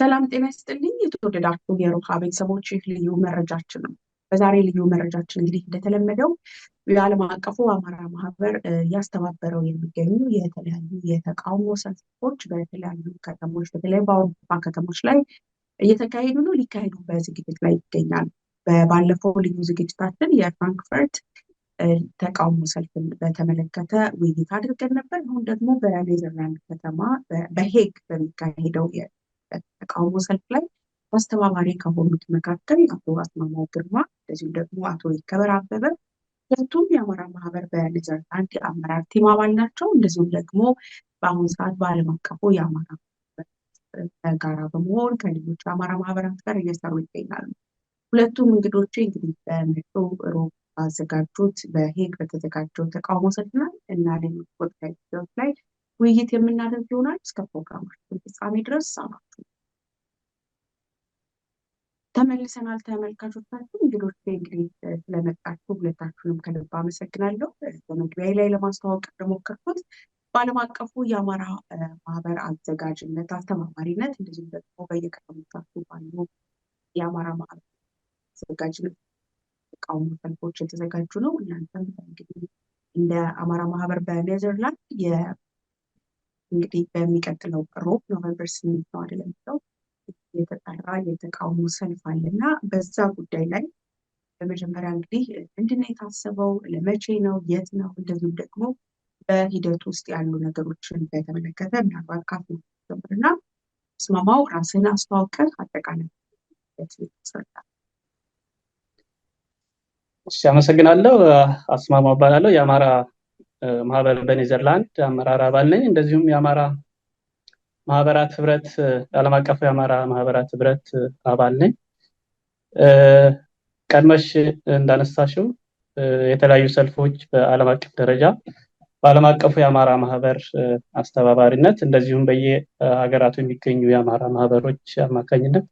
ሰላም ጤና ይስጥልኝ የተወደዳችሁ የሮሃ ቤተሰቦች፣ ይህ ልዩ መረጃችን ነው። በዛሬ ልዩ መረጃችን እንግዲህ እንደተለመደው የዓለም አቀፉ አማራ ማህበር እያስተባበረው የሚገኙ የተለያዩ የተቃውሞ ሰልፎች በተለያዩ ከተሞች በተለይ በአውሮፓ ከተሞች ላይ እየተካሄዱ ነው፣ ሊካሄዱ በዝግጅት ላይ ይገኛል። ባለፈው ልዩ ዝግጅታችን የፍራንክፈርት ተቃውሞ ሰልፍን በተመለከተ ውይይት አድርገን ነበር። አሁን ደግሞ በኔዘርላንድ ከተማ በሄግ በሚካሄደው ተቃውሞ ሰልፍ ላይ አስተባባሪ ከሆኑት መካከል አቶ አስማማው ግርማ እንደዚሁም ደግሞ አቶ ይከበር አበበ ሁለቱም የአማራ ማህበር በንዘር የአመራር ቲም አባል ናቸው። እንደዚሁም ደግሞ በአሁኑ ሰዓት በዓለም አቀፉ የአማራ ጋራ በመሆን ከሌሎች የአማራ ማህበራት ጋር እየሰሩ ይገኛሉ። ሁለቱም እንግዶች እንግዲህ በመጪው ሮ ባዘጋጁት በሄግ በተዘጋጀው ተቃውሞ ሰልፍ እና ሌሎች ወቅታዊ ጉዳዮች ላይ ውይይት የምናደርግ ይሆናል። እስከ ፕሮግራማችን ፍጻሜ ድረስ ሳናችሁ ተመልሰናል። ተመልካቾቻችን እንግዶች እንግዲህ ስለመጣችሁ ሁለታችሁንም ከልብ አመሰግናለሁ። በመግቢያ ላይ ለማስተዋወቅ እንደሞከርኩት በዓለም አቀፉ የአማራ ማህበር አዘጋጅነት አስተባባሪነት እንደዚሁም ደግሞ በየከተሞቻችሁ ባሉ የአማራ ማህበር አዘጋጅነት ተቃውሞ ሰልፎች የተዘጋጁ ነው። እናንተም እንግዲህ እንደ አማራ ማህበር በኔዘርላንድ እንግዲህ በሚቀጥለው ሮብ ኖቨምበር ስምንት ነው አይደለም ብለው የተጠራ የተቃውሞ ሰልፍ አለ እና በዛ ጉዳይ ላይ በመጀመሪያ እንግዲህ ምንድነው የታሰበው፣ ለመቼ ነው፣ የት ነው፣ እንደዚሁም ደግሞ በሂደት ውስጥ ያሉ ነገሮችን በተመለከተ ምናልባት ካፍ ጀምር ጀምርና ስማማው ራስን አስተዋውቀህ አጠቃላይ እሺ፣ አመሰግናለሁ። አስማማው እባላለሁ የአማራ ማህበር በኔዘርላንድ አመራር አባል ነኝ። እንደዚሁም የአማራ ማህበራት ህብረት ዓለም አቀፉ የአማራ ማህበራት ህብረት አባል ነኝ። ቀድመሽ እንዳነሳሽው የተለያዩ ሰልፎች በዓለም አቀፍ ደረጃ በዓለም አቀፉ የአማራ ማህበር አስተባባሪነት እንደዚሁም በየሀገራቱ የሚገኙ የአማራ ማህበሮች አማካኝነት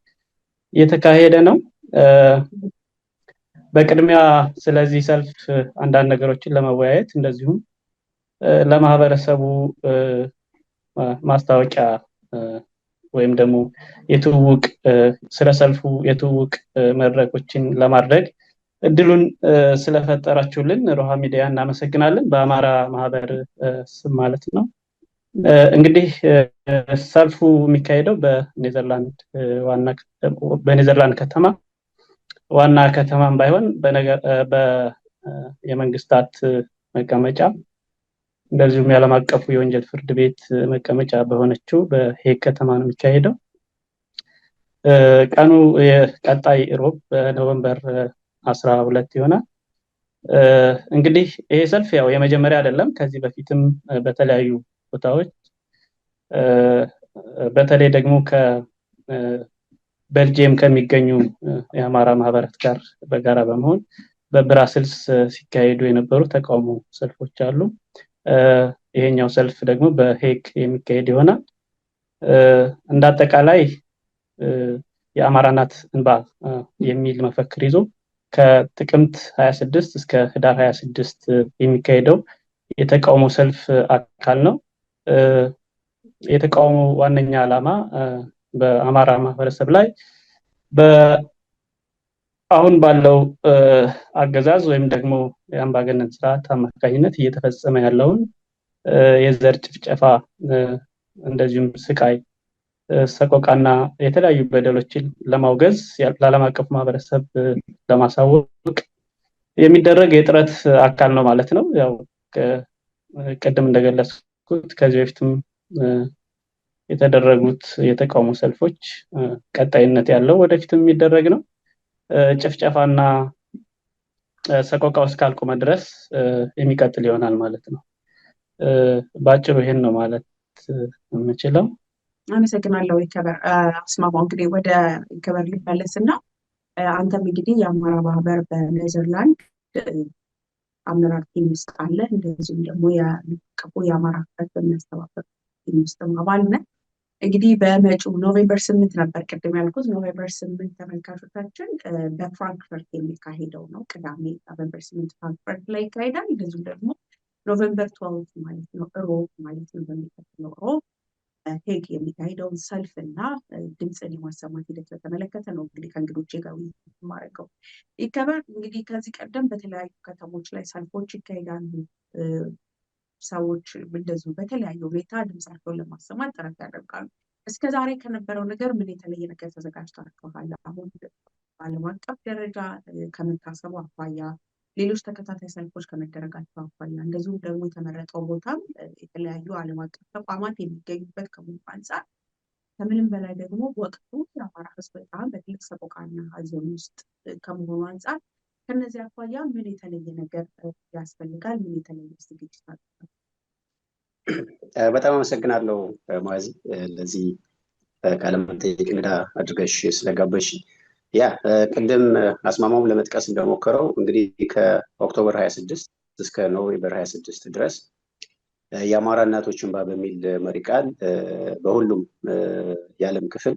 እየተካሄደ ነው። በቅድሚያ ስለዚህ ሰልፍ አንዳንድ ነገሮችን ለመወያየት እንደዚሁም ለማህበረሰቡ ማስታወቂያ ወይም ደግሞ የትውውቅ ስለሰልፉ የትውውቅ መድረኮችን ለማድረግ እድሉን ስለፈጠራችሁልን ሮሃ ሚዲያ እናመሰግናለን። በአማራ ማህበር ስም ማለት ነው። እንግዲህ ሰልፉ የሚካሄደው በኔዘርላንድ ዋና በኔዘርላንድ ከተማ ዋና ከተማም ባይሆን የመንግስታት መቀመጫ እንደዚሁም የዓለም አቀፉ የወንጀል ፍርድ ቤት መቀመጫ በሆነችው በሄግ ከተማ ነው የሚካሄደው። ቀኑ የቀጣይ ሮብ በኖቨምበር አስራ ሁለት ይሆናል። እንግዲህ ይሄ ሰልፍ ያው የመጀመሪያ አይደለም። ከዚህ በፊትም በተለያዩ ቦታዎች በተለይ ደግሞ ከቤልጅየም ከሚገኙ የአማራ ማህበራት ጋር በጋራ በመሆን በብራስልስ ሲካሄዱ የነበሩ ተቃውሞ ሰልፎች አሉ። ይሄኛው ሰልፍ ደግሞ በሄግ የሚካሄድ ይሆናል። እንደ አጠቃላይ የአማራ ናት እንባ የሚል መፈክር ይዞ ከጥቅምት 26 እስከ ህዳር 26 የሚካሄደው የተቃውሞ ሰልፍ አካል ነው። የተቃውሞ ዋነኛ ዓላማ በአማራ ማህበረሰብ ላይ አሁን ባለው አገዛዝ ወይም ደግሞ የአምባገነን ስርዓት አማካኝነት እየተፈጸመ ያለውን የዘር ጭፍጨፋ እንደዚሁም ስቃይ፣ ሰቆቃና የተለያዩ በደሎችን ለማውገዝ ለዓለም አቀፉ ማህበረሰብ ለማሳወቅ የሚደረግ የጥረት አካል ነው ማለት ነው። ያው ቅድም እንደገለጽኩት ከዚህ በፊትም የተደረጉት የተቃውሞ ሰልፎች ቀጣይነት ያለው ወደፊትም የሚደረግ ነው። ጭፍጨፋና ሰቆቃ ውስጥ ካልቆመ ድረስ የሚቀጥል ይሆናል ማለት ነው። በአጭሩ ይሄን ነው ማለት የምችለው። አመሰግናለሁ ይከበር አስማማው። እንግዲህ ወደ ይከበር ልመለስ እና አንተም እንግዲህ የአማራ ማህበር በኔዘርላንድ አመራር ቲም ውስጥ አለ፣ እንደዚሁም ደግሞ የቀቦ የአማራ ህብረት በሚያስተባበር ቲም ውስጥ አባል ነህ። እንግዲህ በመጪው ኖቬምበር ስምንት ነበር ቅድም ያልኩት። ኖቬምበር ስምንት ተመልካቾቻችን በፍራንክፈርት የሚካሄደው ነው። ቅዳሜ ኖቬምበር ስምንት ፍራንክፈርት ላይ ይካሄዳል። እንደዚሁም ደግሞ ኖቬምበር ትዋልት ማለት ነው ሮብ ማለት ነው በሚቀጥለው ሮብ ሄግ የሚካሄደውን ሰልፍ እና ድምፅን የማሰማት ሂደት በተመለከተ ነው እንግዲህ ከእንግዶቼ ጋር የማደርገው ይከበር። እንግዲህ ከዚህ ቀደም በተለያዩ ከተሞች ላይ ሰልፎች ይካሄዳሉ። ሰዎች እንደዚሁ በተለያየ ሁኔታ ድምጻቸውን ለማሰማት ጥረት ያደርጋሉ። እስከ ዛሬ ከነበረው ነገር ምን የተለየ ነገር ተዘጋጅታችኋል? አሁን በዓለም አቀፍ ደረጃ ከመታሰቡ አኳያ፣ ሌሎች ተከታታይ ሰልፎች ከመደረጋቸው አኳያ፣ እንደዚሁም ደግሞ የተመረጠው ቦታም የተለያዩ ዓለም አቀፍ ተቋማት የሚገኙበት ከመሆኑ አንጻር ከምንም በላይ ደግሞ ወቅቱ የአማራ ሕዝብ በጣም በትልቅ ሰቆቃና ሐዘን ውስጥ ከመሆኑ አንጻር ከነዚህ አኳያ ምን የተለየ ነገር ያስፈልጋል? ምን የተለየ ዝግጅት አለ? በጣም አመሰግናለሁ ሙአዚ ለዚህ ቃለ መጠይቅ እንግዳ አድርገሽ ስለጋበሽ። ያ ቅድም አስማማውም ለመጥቀስ እንደሞከረው እንግዲህ ከኦክቶበር 26 እስከ ኖቬምበር 26 ድረስ የአማራ እናቶች እንባ በሚል መሪ ቃል በሁሉም የዓለም ክፍል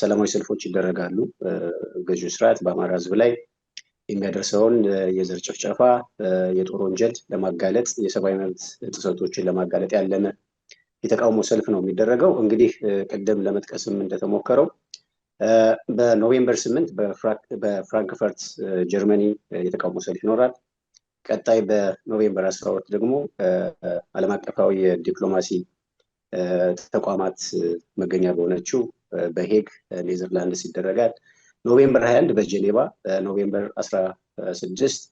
ሰላማዊ ሰልፎች ይደረጋሉ። ገዢው ስርዓት በአማራ ህዝብ ላይ የሚያደርሰውን የዘር ጭፍጨፋ፣ የጦር ወንጀል ለማጋለጥ የሰብአዊ መብት ጥሰቶችን ለማጋለጥ ያለመ የተቃውሞ ሰልፍ ነው የሚደረገው። እንግዲህ ቅድም ለመጥቀስም እንደተሞከረው በኖቬምበር ስምንት በፍራንክፈርት ጀርመኒ የተቃውሞ ሰልፍ ይኖራል። ቀጣይ በኖቬምበር አስራ ሁለት ደግሞ ዓለም አቀፋዊ የዲፕሎማሲ ተቋማት መገኛ በሆነችው በሄግ ኔዘርላንድስ ይደረጋል። ኖቬምበር 21 በጀኔባ፣ ኖቬምበር 16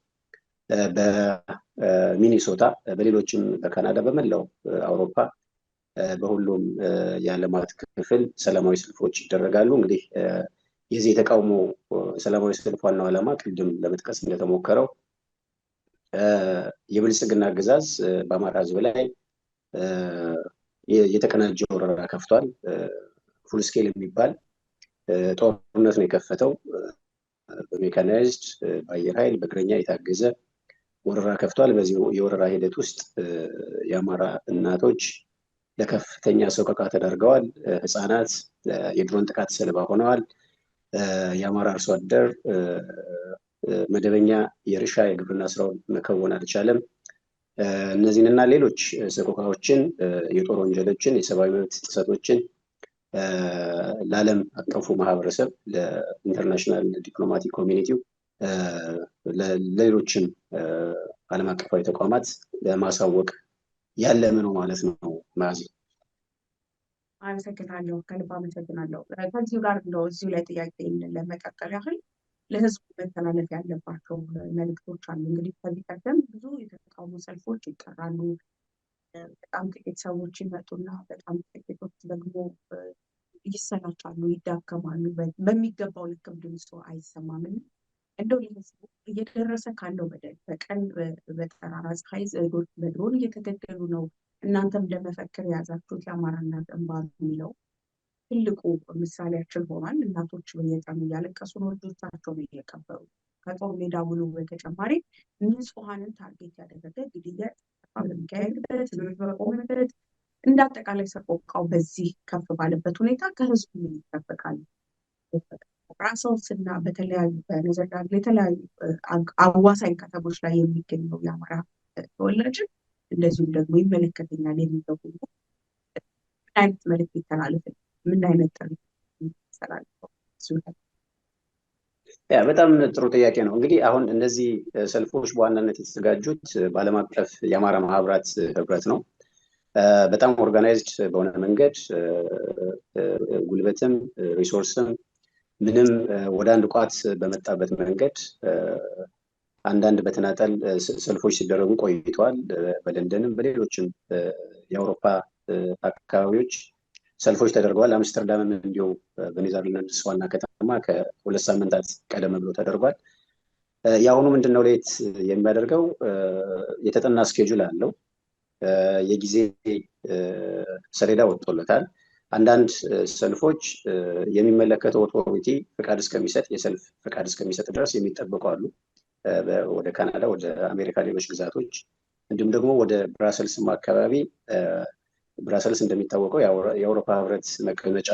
በሚኒሶታ፣ በሌሎችም በካናዳ በመላው አውሮፓ በሁሉም የዓለማት ክፍል ሰላማዊ ሰልፎች ይደረጋሉ። እንግዲህ የዚህ የተቃውሞ ሰላማዊ ሰልፍ ዋናው ዓላማ ቅድም ለመጥቀስ እንደተሞከረው የብልጽግና አገዛዝ በአማራ ሕዝብ ላይ የተቀናጀ ወረራ ከፍቷል። ፉል ስኬል የሚባል ጦርነት ነው የከፈተው። በሜካናይዝድ በአየር ኃይል በእግረኛ የታገዘ ወረራ ከፍቷል። በዚህ የወረራ ሂደት ውስጥ የአማራ እናቶች ለከፍተኛ ሰቆቃ ተዳርገዋል። ህፃናት የድሮን ጥቃት ሰለባ ሆነዋል። የአማራ አርሶ አደር መደበኛ የእርሻ የግብርና ስራውን መከወን አልቻለም። እነዚህንና ሌሎች ሰቆቃዎችን፣ የጦር ወንጀሎችን፣ የሰብአዊ መብት ጥሰቶችን ለዓለም አቀፉ ማህበረሰብ ለኢንተርናሽናል ዲፕሎማቲክ ኮሚኒቲው ለሌሎችም ዓለም አቀፋዊ ተቋማት ለማሳወቅ ያለም ነው ማለት ነው። መያዝ አመሰግናለሁ። ከልብ አመሰግናለሁ። ከዚሁ ጋር እንደው እዚሁ ላይ ጥያቄ ለመቀጠል ያህል ለህዝቡ መተላለፍ ያለባቸው መልክቶች አሉ። እንግዲህ ከዚህ ቀደም ብዙ የተቃውሞ ሰልፎች ይጠራሉ። በጣም ጥቂት ሰዎች ይመጡና በጣም ጥቂቶች ደግሞ ይሰላቻሉ፣ ይዳከማሉ። በሚገባው ልክም ድምፁ አይሰማም እና እንደው ለህዝቡ እየደረሰ ካለው በደል በቀን በጠራራ ፀሐይ ዘዶች በድሮን እየተገደሉ ነው። እናንተም ለመፈክር የያዛችሁት የአማራና እናት የሚለው ትልቁ ምሳሌያችን ሆኗል። እናቶች በየቀኑ እያለቀሱ ነው፣ ልጆቻቸውን እየቀበሩ ከጦር ሜዳ ውሎ በተጨማሪ ንጹሐንን ታርጌት ያደረገ ግድያ አብረን የሚካሄድበት ህዝብ በቆመበት እንደ አጠቃላይ ሰቆቃው በዚህ ከፍ ባለበት ሁኔታ ከህዝቡ ምን ይጠበቃል? ብራሰልስ እና በተለያዩ በኔዘርላንድ የተለያዩ አዋሳኝ ከተሞች ላይ የሚገኘው የአማራ ተወላጅም እንደዚሁም ደግሞ ይመለከተኛል የሚለው ሁሉ ምን አይነት መልዕክት ይተላለፍ፣ ምን አይነት ጥሪ ይተላለፈው ያ በጣም ጥሩ ጥያቄ ነው። እንግዲህ አሁን እነዚህ ሰልፎች በዋናነት የተዘጋጁት በአለም አቀፍ የአማራ ማህበራት ህብረት ነው። በጣም ኦርጋናይዝድ በሆነ መንገድ ጉልበትም ሪሶርስም ምንም ወደ አንድ ቋት በመጣበት መንገድ አንዳንድ በተናጠል ሰልፎች ሲደረጉ ቆይተዋል። በለንደንም በሌሎችም የአውሮፓ አካባቢዎች ሰልፎች ተደርገዋል። አምስተርዳምም እንዲሁ በኔዘርላንድስ ዋና ከተማ ከሁለት ሳምንታት ቀደም ብሎ ተደርጓል። የአሁኑ ምንድን ነው ለየት የሚያደርገው የተጠና እስኬጁል አለው። የጊዜ ሰሌዳ ወጥቶለታል። አንዳንድ ሰልፎች የሚመለከተው ኦቶሪቲ ፍቃድ እስከሚሰጥ የሰልፍ ፍቃድ እስከሚሰጥ ድረስ የሚጠበቁ አሉ። ወደ ካናዳ፣ ወደ አሜሪካ ሌሎች ግዛቶች እንዲሁም ደግሞ ወደ ብራሰልስም አካባቢ ብራሰልስ እንደሚታወቀው የአውሮፓ ህብረት መቀመጫ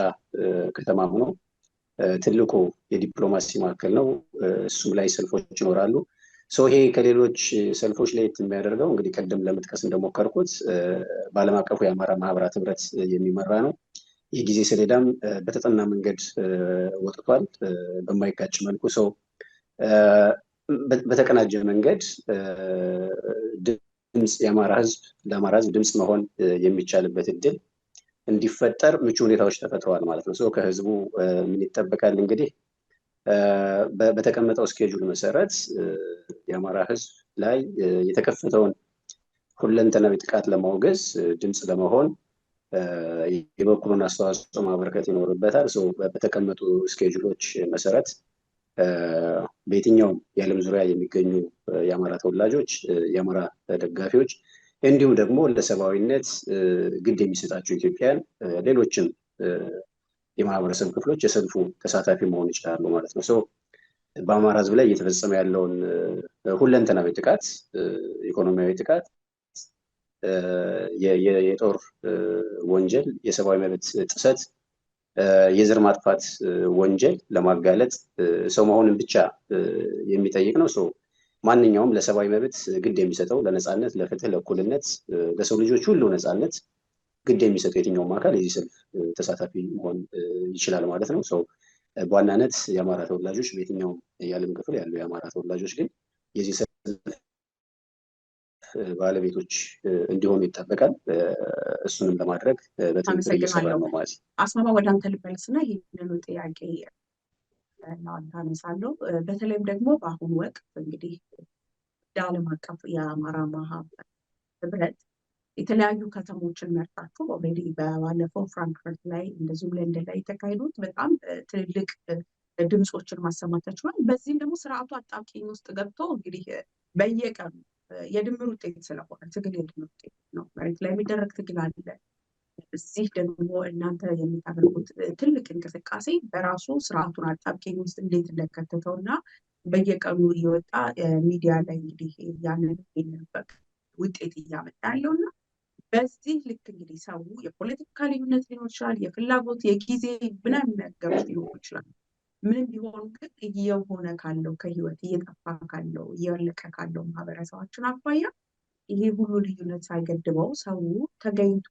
ከተማ ሆኖ ትልቁ የዲፕሎማሲ መካከል ነው። እሱም ላይ ሰልፎች ይኖራሉ። ይሄ ከሌሎች ሰልፎች ለየት የሚያደርገው እንግዲህ ቅድም ለመጥቀስ እንደሞከርኩት በአለም አቀፉ የአማራ ማህበራት ህብረት የሚመራ ነው። የጊዜ ሰሌዳም በተጠና መንገድ ወጥቷል። በማይጋጭ መልኩ ሰው በተቀናጀ መንገድ ድምፅ የአማራ ህዝብ ለአማራ ህዝብ ድምፅ መሆን የሚቻልበት እድል እንዲፈጠር ምቹ ሁኔታዎች ተፈጥረዋል ማለት ነው። ከህዝቡ ምን ይጠበቃል እንግዲህ በተቀመጠው እስኬጁል መሰረት የአማራ ህዝብ ላይ የተከፈተውን ሁለንተናዊ ጥቃት ለማውገዝ ድምፅ ለመሆን የበኩሉን አስተዋጽኦ ማበረከት ይኖርበታል። በተቀመጡ እስኬጁሎች መሰረት በየትኛውም የዓለም ዙሪያ የሚገኙ የአማራ ተወላጆች፣ የአማራ ደጋፊዎች እንዲሁም ደግሞ ለሰብአዊነት ግድ የሚሰጣቸው ኢትዮጵያን ሌሎችም የማህበረሰብ ክፍሎች የሰልፉ ተሳታፊ መሆን ይችላሉ ማለት ነው። ሰው በአማራ ህዝብ ላይ እየተፈጸመ ያለውን ሁለንተናዊ ጥቃት፣ ኢኮኖሚያዊ ጥቃት፣ የጦር ወንጀል፣ የሰብአዊ መብት ጥሰት የዘር ማጥፋት ወንጀል ለማጋለጥ ሰው መሆንን ብቻ የሚጠይቅ ነው። ሰው ማንኛውም ለሰብአዊ መብት ግድ የሚሰጠው ለነፃነት፣ ለፍትህ፣ ለእኩልነት፣ ለሰው ልጆች ሁሉ ነፃነት ግድ የሚሰጠው የትኛውም አካል የዚህ ሰልፍ ተሳታፊ መሆን ይችላል ማለት ነው። ሰው በዋናነት የአማራ ተወላጆች በየትኛውም የዓለም ክፍል ያሉ የአማራ ተወላጆች ግን የዚህ ሰልፍ ባለቤቶች እንዲሆኑ ይጠበቃል። እሱንም ለማድረግ በትምህርት አስማማ ወደ አንተ ልመለስ እና ይህንኑ ጥያቄ እናነሳለሁ። በተለይም ደግሞ በአሁኑ ወቅት እንግዲህ የዓለም አቀፍ የአማራ ማህበር ህብረት የተለያዩ ከተሞችን መርጣችሁ ኦልሬዲ በባለፈው ፍራንክፈርት ላይ እንደዚሁም ለንደን ላይ የተካሄዱት በጣም ትልልቅ ድምፆችን ማሰማት ተችሏል። በዚህም ደግሞ ስርዓቱ አጣብቂኝ ውስጥ ገብቶ እንግዲህ በየቀኑ የድምር ውጤት ስለሆነ ትግል የድምር ውጤት ነው። መሬት ላይ የሚደረግ ትግል አለ። እዚህ ደግሞ እናንተ የምታደርጉት ትልቅ እንቅስቃሴ በራሱ ስርዓቱን አጣብቂኝ ውስጥ እንዴት እንደከተተው እና በየቀኑ እየወጣ ሚዲያ ላይ እንግዲህ ያንን የሚንበቅ ውጤት እያመጣ ያለው እና በዚህ ልክ እንግዲህ ሰው የፖለቲካ ልዩነት ሊኖር ይችላል፣ የፍላጎት የጊዜ ምናምን ነገሮች ሊኖሩ ይችላል። ምንም ቢሆኑ ግን እየሆነ ካለው ከህይወት እየጠፋ ካለው እያለቀ ካለው ማህበረሰባችን አኳያ ይሄ ሁሉ ልዩነት ሳይገድበው ሰው ተገኝቶ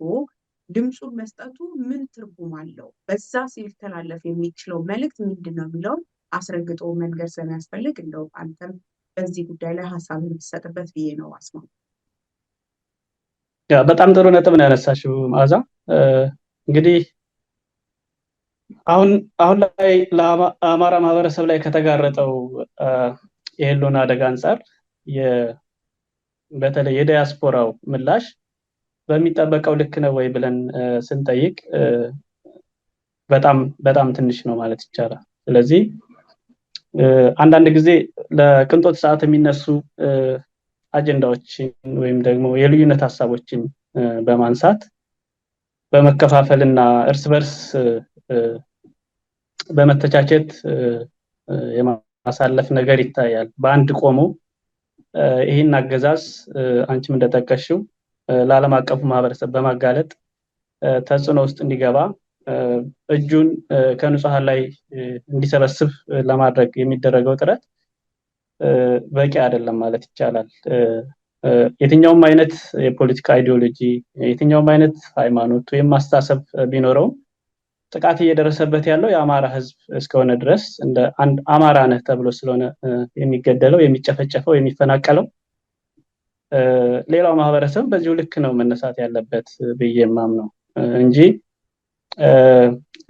ድምፁን መስጠቱ ምን ትርጉም አለው? በዛ ሲተላለፍ የሚችለው መልእክት ምንድን ነው የሚለውን አስረግጦ መንገድ ስለሚያስፈልግ እንደው አንተም በዚህ ጉዳይ ላይ ሀሳብ የምትሰጥበት ብዬ ነው። አስማ በጣም ጥሩ ነጥብ ነው ያነሳሽው መዓዛ። እንግዲህ አሁን አሁን ላይ ለአማራ ማህበረሰብ ላይ ከተጋረጠው የህልውና አደጋ አንጻር በተለይ የዲያስፖራው ምላሽ በሚጠበቀው ልክ ነው ወይ ብለን ስንጠይቅ በጣም በጣም ትንሽ ነው ማለት ይቻላል። ስለዚህ አንዳንድ ጊዜ ለቅንጦት ሰዓት የሚነሱ አጀንዳዎችን ወይም ደግሞ የልዩነት ሀሳቦችን በማንሳት በመከፋፈል እና እርስ በርስ በመተቻቸት የማሳለፍ ነገር ይታያል። በአንድ ቆሞ ይህን አገዛዝ አንቺም እንደጠቀሽው ለዓለም አቀፉ ማህበረሰብ በማጋለጥ ተጽዕኖ ውስጥ እንዲገባ እጁን ከንጹሐን ላይ እንዲሰበስብ ለማድረግ የሚደረገው ጥረት በቂ አይደለም ማለት ይቻላል። የትኛውም አይነት የፖለቲካ አይዲዮሎጂ፣ የትኛውም አይነት ሃይማኖት ወይም አስተሳሰብ ቢኖረውም ጥቃት እየደረሰበት ያለው የአማራ ህዝብ እስከሆነ ድረስ እንደ አንድ አማራ ነህ ተብሎ ስለሆነ የሚገደለው፣ የሚጨፈጨፈው፣ የሚፈናቀለው ሌላው ማህበረሰብ በዚሁ ልክ ነው መነሳት ያለበት ብዬ ነው እንጂ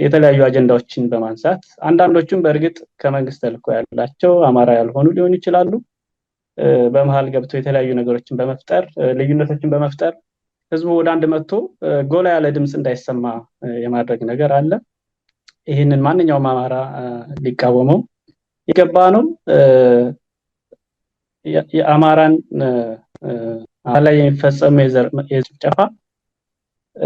የተለያዩ አጀንዳዎችን በማንሳት አንዳንዶቹም በእርግጥ ከመንግስት ተልኮ ያላቸው አማራ ያልሆኑ ሊሆኑ ይችላሉ። በመሀል ገብተው የተለያዩ ነገሮችን በመፍጠር ልዩነቶችን በመፍጠር ህዝቡ ወደ አንድ መጥቶ ጎላ ያለ ድምፅ እንዳይሰማ የማድረግ ነገር አለ። ይህንን ማንኛውም አማራ ሊቃወመው የገባ ነው። የአማራን ላይ የሚፈጸሙ የዘር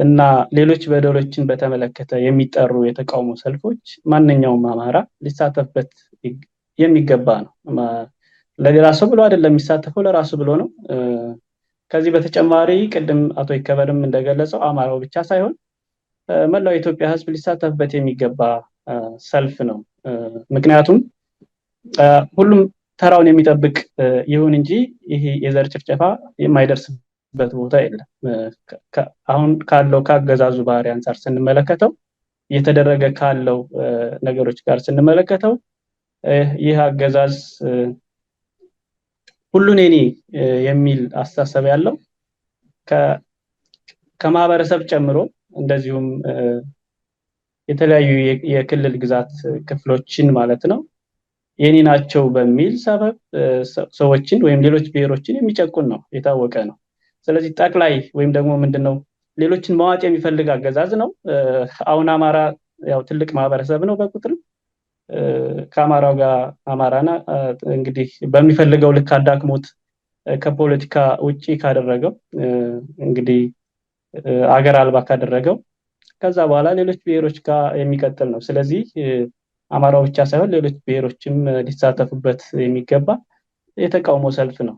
እና ሌሎች በደሎችን በተመለከተ የሚጠሩ የተቃውሞ ሰልፎች ማንኛውም አማራ ሊሳተፍበት የሚገባ ነው። ለሌላ ሰው ብሎ አይደለም የሚሳተፈው፣ ለራሱ ብሎ ነው። ከዚህ በተጨማሪ ቅድም አቶ ይከበርም እንደገለጸው አማራው ብቻ ሳይሆን መላው የኢትዮጵያ ሕዝብ ሊሳተፍበት የሚገባ ሰልፍ ነው። ምክንያቱም ሁሉም ተራውን የሚጠብቅ ይሁን እንጂ ይሄ የዘር ጭፍጨፋ የማይደርስበት ቦታ የለም። አሁን ካለው ከአገዛዙ ባህሪ አንጻር ስንመለከተው እየተደረገ ካለው ነገሮች ጋር ስንመለከተው ይህ አገዛዝ ሁሉን የኔ የሚል አስተሳሰብ ያለው ከማህበረሰብ ጨምሮ እንደዚሁም የተለያዩ የክልል ግዛት ክፍሎችን ማለት ነው የኔ ናቸው በሚል ሰበብ ሰዎችን ወይም ሌሎች ብሔሮችን የሚጨቁን ነው፣ የታወቀ ነው። ስለዚህ ጠቅላይ ወይም ደግሞ ምንድን ነው ሌሎችን መዋጥ የሚፈልግ አገዛዝ ነው። አሁን አማራ ያው ትልቅ ማህበረሰብ ነው በቁጥር? ከአማራው ጋር አማራና እንግዲህ በሚፈልገው ልክ አዳክሞት ከፖለቲካ ውጪ ካደረገው እንግዲህ አገር አልባ ካደረገው ከዛ በኋላ ሌሎች ብሔሮች ጋር የሚቀጥል ነው። ስለዚህ አማራው ብቻ ሳይሆን ሌሎች ብሔሮችም ሊሳተፉበት የሚገባ የተቃውሞ ሰልፍ ነው።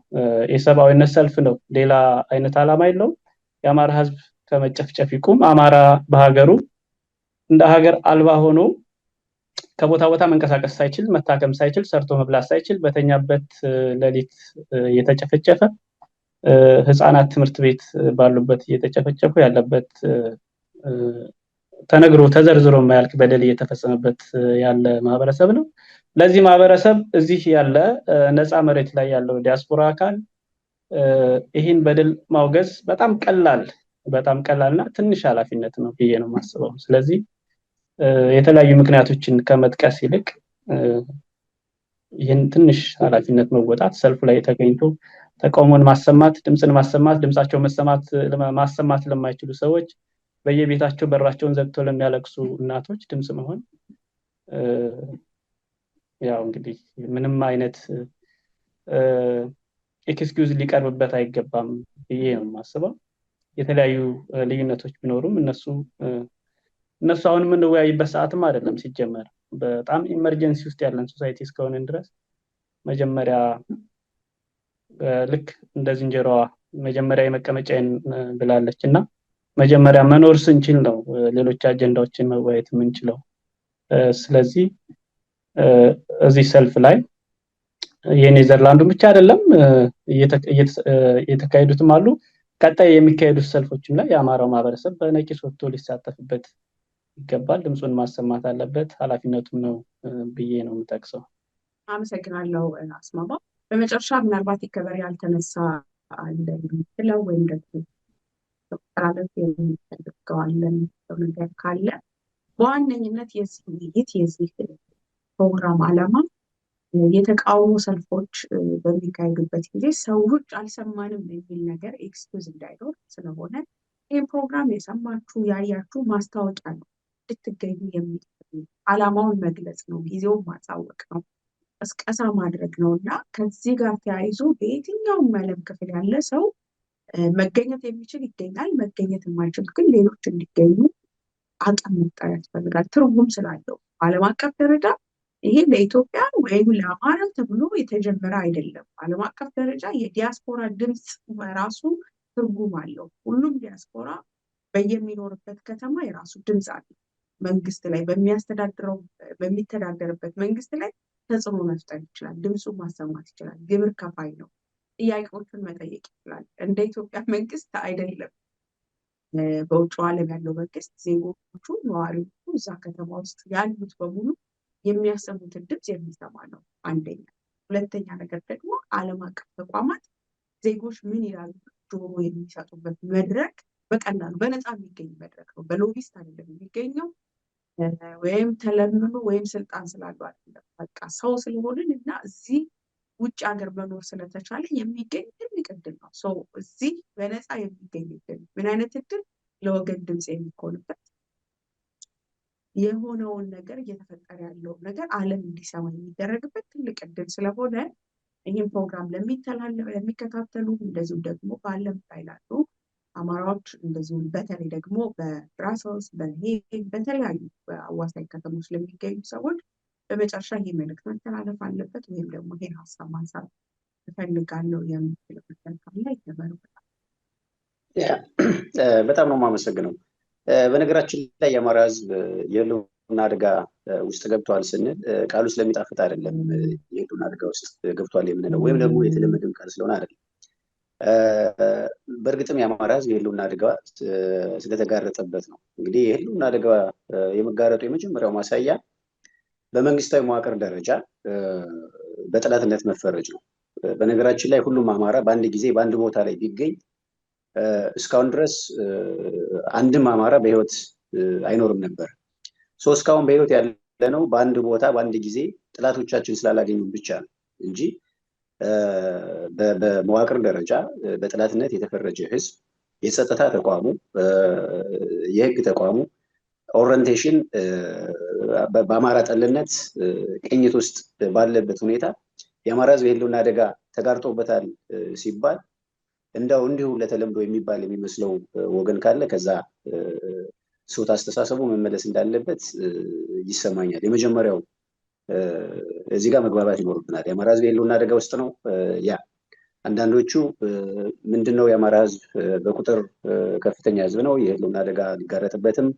የሰብአዊነት ሰልፍ ነው። ሌላ አይነት ዓላማ የለውም። የአማራ ሕዝብ ከመጨፍጨፍ ይቁም። አማራ በሀገሩ እንደ ሀገር አልባ ሆኖ ከቦታ ቦታ መንቀሳቀስ ሳይችል መታከም ሳይችል ሰርቶ መብላት ሳይችል በተኛበት ሌሊት እየተጨፈጨፈ ህፃናት ትምህርት ቤት ባሉበት እየተጨፈጨፉ ያለበት ተነግሮ ተዘርዝሮ የማያልቅ በደል እየተፈጸመበት ያለ ማህበረሰብ ነው። ለዚህ ማህበረሰብ እዚህ ያለ ነፃ መሬት ላይ ያለው ዲያስፖራ አካል ይህን በደል ማውገዝ በጣም ቀላል በጣም ቀላልና ትንሽ ኃላፊነት ነው ብዬ ነው የማስበው። ስለዚህ የተለያዩ ምክንያቶችን ከመጥቀስ ይልቅ ይህን ትንሽ ኃላፊነት መወጣት ሰልፉ ላይ ተገኝቶ ተቃውሞን ማሰማት፣ ድምፅን ማሰማት፣ ድምፃቸው ማሰማት ለማይችሉ ሰዎች፣ በየቤታቸው በራቸውን ዘግተው ለሚያለቅሱ እናቶች ድምፅ መሆን ያው እንግዲህ ምንም አይነት ኤክስኪውዝ ሊቀርብበት አይገባም ብዬ ነው የማስበው። የተለያዩ ልዩነቶች ቢኖሩም እነሱ እነሱ አሁን የምንወያይበት ሰዓትም አይደለም ሲጀመር በጣም ኢመርጀንሲ ውስጥ ያለን ሶሳይቲ እስከሆነን ድረስ መጀመሪያ ልክ እንደ ዝንጀሮዋ መጀመሪያ የመቀመጫዬን ብላለች እና መጀመሪያ መኖር ስንችል ነው ሌሎች አጀንዳዎችን መወያየት የምንችለው። ስለዚህ እዚህ ሰልፍ ላይ የኔዘርላንዱን ብቻ አይደለም እየተካሄዱትም አሉ። ቀጣይ የሚካሄዱት ሰልፎችም ላይ የአማራው ማህበረሰብ በነቂስ ወጥቶ ሊሳተፍበት ይገባል፣ ድምፁን ማሰማት አለበት፣ ኃላፊነቱም ነው ብዬ ነው የምጠቅሰው። አመሰግናለሁ አስማማ። በመጨረሻ ምናልባት ይከበር ያልተነሳ አለ የምትለው ወይም ደግሞ መጠላለፍ የሚፈልገዋለን ነገር ካለ በዋነኝነት የዚህ ውይይት የዚህ ፕሮግራም አላማ የተቃውሞ ሰልፎች በሚካሄዱበት ጊዜ ሰዎች አልሰማንም የሚል ነገር ኤክስኩዝ እንዳይኖር ስለሆነ ይህ ፕሮግራም የሰማችሁ ያያችሁ ማስታወቂያ ነው። ልትገኙ የሚችሉ አላማውን መግለጽ ነው። ጊዜውን ማሳወቅ ነው። ቀስቀሳ ማድረግ ነው እና ከዚህ ጋር ተያይዞ በየትኛውም የዓለም ክፍል ያለ ሰው መገኘት የሚችል ይገኛል። መገኘት የማይችል ግን ሌሎች እንዲገኙ አቅም መጣር ያስፈልጋል። ትርጉም ስላለው አለም አቀፍ ደረጃ ይሄ ለኢትዮጵያ ወይም ለአማራ ተብሎ የተጀመረ አይደለም። አለም አቀፍ ደረጃ የዲያስፖራ ድምፅ በራሱ ትርጉም አለው። ሁሉም ዲያስፖራ በየሚኖርበት ከተማ የራሱ ድምፅ አለው። መንግስት ላይ በሚያስተዳድረው በሚተዳደርበት መንግስት ላይ ተጽዕኖ መፍጠር ይችላል። ድምፁ ማሰማት ይችላል። ግብር ከፋይ ነው። ጥያቄዎቹን መጠየቅ ይችላል። እንደ ኢትዮጵያ መንግስት አይደለም። በውጭ ዓለም ያለው መንግስት ዜጎቹ፣ ነዋሪዎቹ እዛ ከተማ ውስጥ ያሉት በሙሉ የሚያሰሙትን ድምፅ የሚሰማ ነው። አንደኛ። ሁለተኛ ነገር ደግሞ ዓለም አቀፍ ተቋማት ዜጎች ምን ይላሉ ጆሮ የሚሰጡበት መድረክ በቀላሉ በነፃ የሚገኝ መድረክ ነው። በሎቢስት አይደለም የሚገኘው። ወይም ተለምኖ ወይም ስልጣን ስላለው አይደለም። በቃ ሰው ስለሆንን እና እዚህ ውጭ ሀገር መኖር ስለተቻለ የሚገኝ ትልቅ እድል ነው። ሰው እዚህ በነፃ የሚገኝ እድል ምን አይነት እድል? ለወገን ድምፅ የሚኮንበት የሆነውን ነገር እየተፈጠረ ያለውን ነገር ዓለም እንዲሰማ የሚደረግበት ትልቅ እድል ስለሆነ ይህም ፕሮግራም ለሚከታተሉ እንደዚሁም ደግሞ በዓለም ላይ ላሉ አማራዎች እንደዚሁም በተለይ ደግሞ በብራሰልስ በሄግ በተለያዩ አዋሳኝ ከተሞች ለሚገኙ ሰዎች በመጨረሻ ይህ መልዕክት መተላለፍ አለበት ወይም ደግሞ ይሄን ሀሳብ ማንሳት እፈልጋለሁ የምትለው ነገር ካለ ይገበሩ። በጣም ነው የማመሰግነው። በነገራችን ላይ የአማራ ህዝብ የህልውና አደጋ ውስጥ ገብቷል ስንል ቃሉ ስለሚጣፍጥ አይደለም። የህልውና አደጋ ውስጥ ገብቷል የምንለው ወይም ደግሞ የተለመደም ቃል ስለሆነ አይደለም። በእርግጥም የአማራ ህዝብ የህልውና አደጋ ስለተጋረጠበት ነው። እንግዲህ የህልውና አደጋ የመጋረጡ የመጀመሪያው ማሳያ በመንግስታዊ መዋቅር ደረጃ በጠላትነት መፈረጅ ነው። በነገራችን ላይ ሁሉም አማራ በአንድ ጊዜ በአንድ ቦታ ላይ ቢገኝ እስካሁን ድረስ አንድም አማራ በህይወት አይኖርም ነበር። ሶ እስካሁን በህይወት ያለነው በአንድ ቦታ በአንድ ጊዜ ጠላቶቻችን ስላላገኙ ብቻ ነው እንጂ በመዋቅር ደረጃ በጥላትነት የተፈረጀ ህዝብ የጸጥታ ተቋሙ የህግ ተቋሙ ኦሪንቴሽን በአማራ ጠልነት ቅኝት ውስጥ ባለበት ሁኔታ የአማራ ህዝብ የህልውና አደጋ ተጋርጦበታል ሲባል እንደው እንዲሁ ለተለምዶ የሚባል የሚመስለው ወገን ካለ ከዛ ሶት አስተሳሰቡ መመለስ እንዳለበት ይሰማኛል። የመጀመሪያው እዚህ ጋር መግባባት ይኖርብናል። የአማራ ህዝብ የህልውና አደጋ ውስጥ ነው። ያ አንዳንዶቹ ምንድን ነው የአማራ ህዝብ በቁጥር ከፍተኛ ህዝብ ነው፣ የህልውና አደጋ ሊጋረጥበትም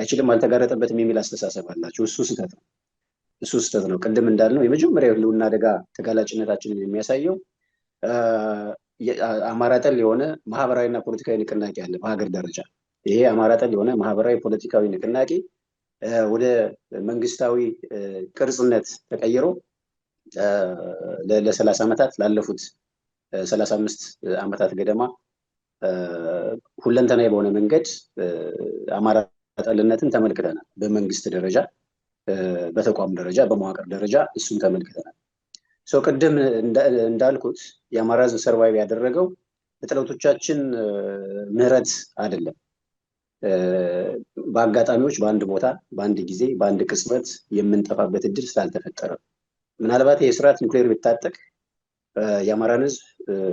አይችልም፣ አልተጋረጠበትም የሚል አስተሳሰብ አላቸው። እሱ ስህተት ነው። እሱ ስህተት ነው። ቅድም እንዳልነው የመጀመሪያው የህልውና አደጋ ተጋላጭነታችንን የሚያሳየው አማራ ጠል የሆነ ማህበራዊና ፖለቲካዊ ንቅናቄ አለ በሀገር ደረጃ። ይሄ አማራ ጠል የሆነ ማህበራዊ ፖለቲካዊ ንቅናቄ ወደ መንግስታዊ ቅርጽነት ተቀይሮ ለሰላሳ ዓመታት ላለፉት ሰላሳ አምስት ዓመታት ገደማ ሁለንተናዊ በሆነ መንገድ አማራ ጠልነትን ተመልክተናል። በመንግስት ደረጃ፣ በተቋም ደረጃ፣ በመዋቅር ደረጃ እሱን ተመልክተናል። ቅድም እንዳልኩት የአማራ ሕዝብ ሰርቫይቭ ያደረገው ለጠላቶቻችን ምህረት አይደለም በአጋጣሚዎች በአንድ ቦታ በአንድ ጊዜ በአንድ ቅጽበት የምንጠፋበት እድል ስላልተፈጠረ ምናልባት የስርዓት ኒክሌር ቢታጠቅ የአማራን ህዝብ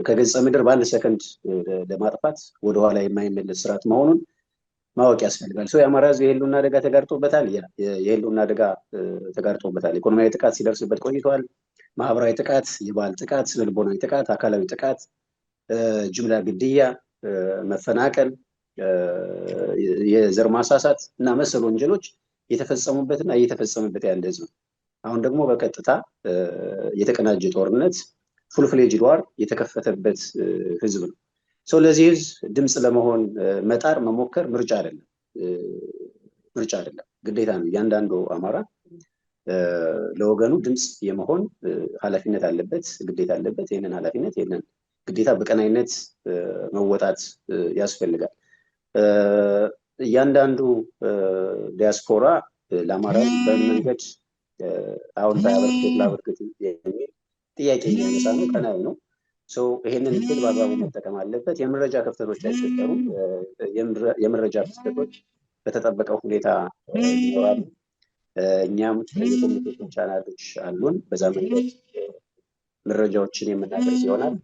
ከገጸ ምድር በአንድ ሰከንድ ለማጥፋት ወደኋላ የማይመለስ ስርዓት መሆኑን ማወቅ ያስፈልጋል። ሰው የአማራ ህዝብ የህልውና አደጋ ተጋርጦበታል። የህልውና አደጋ ተጋርጦበታል። ኢኮኖሚያዊ ጥቃት ሲደርስበት ቆይተዋል። ማህበራዊ ጥቃት፣ የባህል ጥቃት፣ ስነልቦናዊ ጥቃት፣ አካላዊ ጥቃት፣ ጅምላ ግድያ፣ መፈናቀል የዘር ማሳሳት እና መሰል ወንጀሎች እና እየተፈጸመበት ያለ ህዝብ ነው። አሁን ደግሞ በቀጥታ የተቀናጀ ጦርነት ፉልፍሌጅ ዋር የተከፈተበት ህዝብ ነው። ሰው ለዚህ ህዝብ ድምፅ ለመሆን መጣር መሞከር ምርጫ አይደለም፣ ምርጫ አይደለም፣ ግዴታ ነው። እያንዳንዱ አማራ ለወገኑ ድምፅ የመሆን ኃላፊነት አለበት፣ ግዴታ አለበት። ይህንን ኃላፊነት ይህንን ግዴታ በቀናይነት መወጣት ያስፈልጋል። እያንዳንዱ ዲያስፖራ ለአማራ በመንገድ አሁን ባያበርክት ላበርክት የሚል ጥያቄ እያነሳ ነው። ቀናዊ ነው። ይህንን እድል በአግባቡ መጠቀም አለበት። የመረጃ ክፍተቶች አይፈጠሩ። የመረጃ ክፍተቶች በተጠበቀው ሁኔታ ይኖራሉ። እኛም የኮሚኒኬሽን ቻናሎች አሉን። በዛ መንገድ መረጃዎችን የምናደርስ ይሆናል።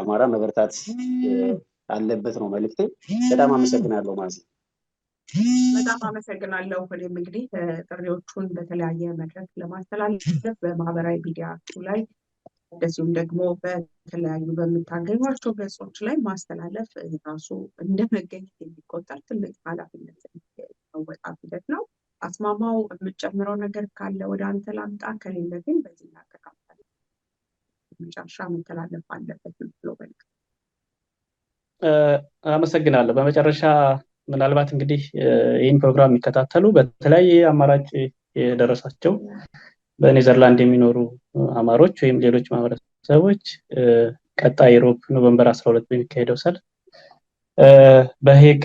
አማራ መበርታት አለበት ነው መልክቴ። በጣም አመሰግናለሁ ማለት ነው። በጣም አመሰግናለሁ። ሁሌም እንግዲህ ጥሪዎቹን በተለያየ መድረክ ለማስተላለፍ በማህበራዊ ሚዲያችሁ ላይ እንደዚሁም ደግሞ በተለያዩ በምታገኟቸው ገጾች ላይ ማስተላለፍ ራሱ እንደመገኘት የሚቆጠር ትልቅ ኃላፊነት መወጣት ሂደት ነው። አስማማው የምጨምረው ነገር ካለ ወደ አንተ ላምጣ፣ ከሌለ ግን በዚህ እናጠቃለን። መጨረሻ መተላለፍ አለበት ብሎ አመሰግናለሁ። በመጨረሻ ምናልባት እንግዲህ ይህን ፕሮግራም የሚከታተሉ በተለያየ አማራጭ የደረሳቸው በኔዘርላንድ የሚኖሩ አማሮች ወይም ሌሎች ማህበረሰቦች ቀጣይ ሮብ ኖቨምበር 12 በሚካሄደው ሰልፍ በሄግ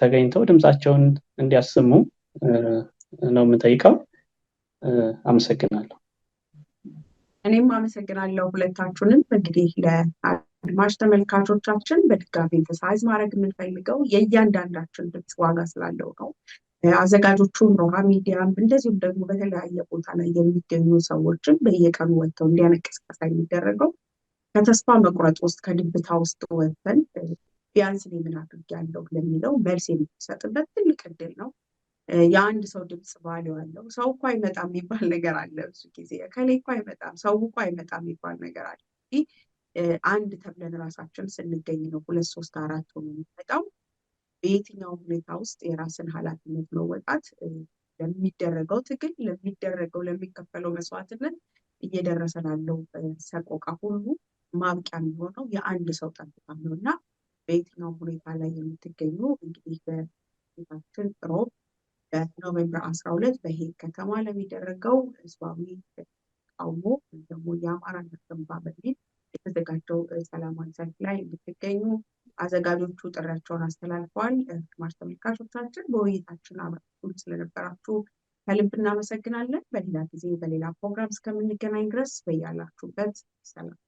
ተገኝተው ድምፃቸውን እንዲያሰሙ ነው የምንጠይቀው። አመሰግናለሁ። እኔም አመሰግናለሁ ሁለታችሁንም። እንግዲህ ለአድማጭ ተመልካቾቻችን በድጋሚ ኢንፈሳይዝ ማድረግ የምንፈልገው የእያንዳንዳችን ድምፅ ዋጋ ስላለው ነው። አዘጋጆቹም ሮሃ ሚዲያም እንደዚሁም ደግሞ በተለያየ ቦታ ላይ የሚገኙ ሰዎችን በየቀኑ ወጥተው እንዲያነቀስቀሳ የሚደረገው ከተስፋ መቁረጥ ውስጥ ከድብታ ውስጥ ወጥተን ቢያንስ እኔ ምን አድርጌያለሁ ለሚለው መልስ የሚሰጥበት ትልቅ እድል ነው። የአንድ ሰው ድምፅ ባለዋለው ሰው እኮ አይመጣም የሚባል ነገር አለ። ብዙ ጊዜ ከላይ እኮ አይመጣም፣ ሰው እኮ አይመጣም የሚባል ነገር አለ። እንግዲህ አንድ ተብለን ራሳችን ስንገኝ ነው ሁለት ሶስት አራት ሆኖ የሚመጣው። በየትኛው ሁኔታ ውስጥ የራስን ኃላፊነት መወጣት ለሚደረገው ትግል ለሚደረገው ለሚከፈለው መስዋዕትነት እየደረሰ ላለው ሰቆቃ ሁሉ ማብቂያ የሚሆነው የአንድ ሰው ጠብታ ነው እና በየትኛው ሁኔታ ላይ የምትገኙ እንግዲህ በቤታችን ሮብ በኖቬምበር 12 በሄግ ከተማ ለሚደረገው ህዝባዊ ተቃውሞ ወይም ደግሞ የአማራ እንገንባ በሚል የተዘጋጀው ሰላማዊ ሰልፍ ላይ እንድትገኙ አዘጋጆቹ ጥሪያቸውን አስተላልፈዋል። አድማጭ ተመልካቾቻችን በውይይታችን አብራችሁን ስለነበራችሁ ከልብ እናመሰግናለን። በሌላ ጊዜ በሌላ ፕሮግራም እስከምንገናኝ ድረስ በያላችሁበት ሰላም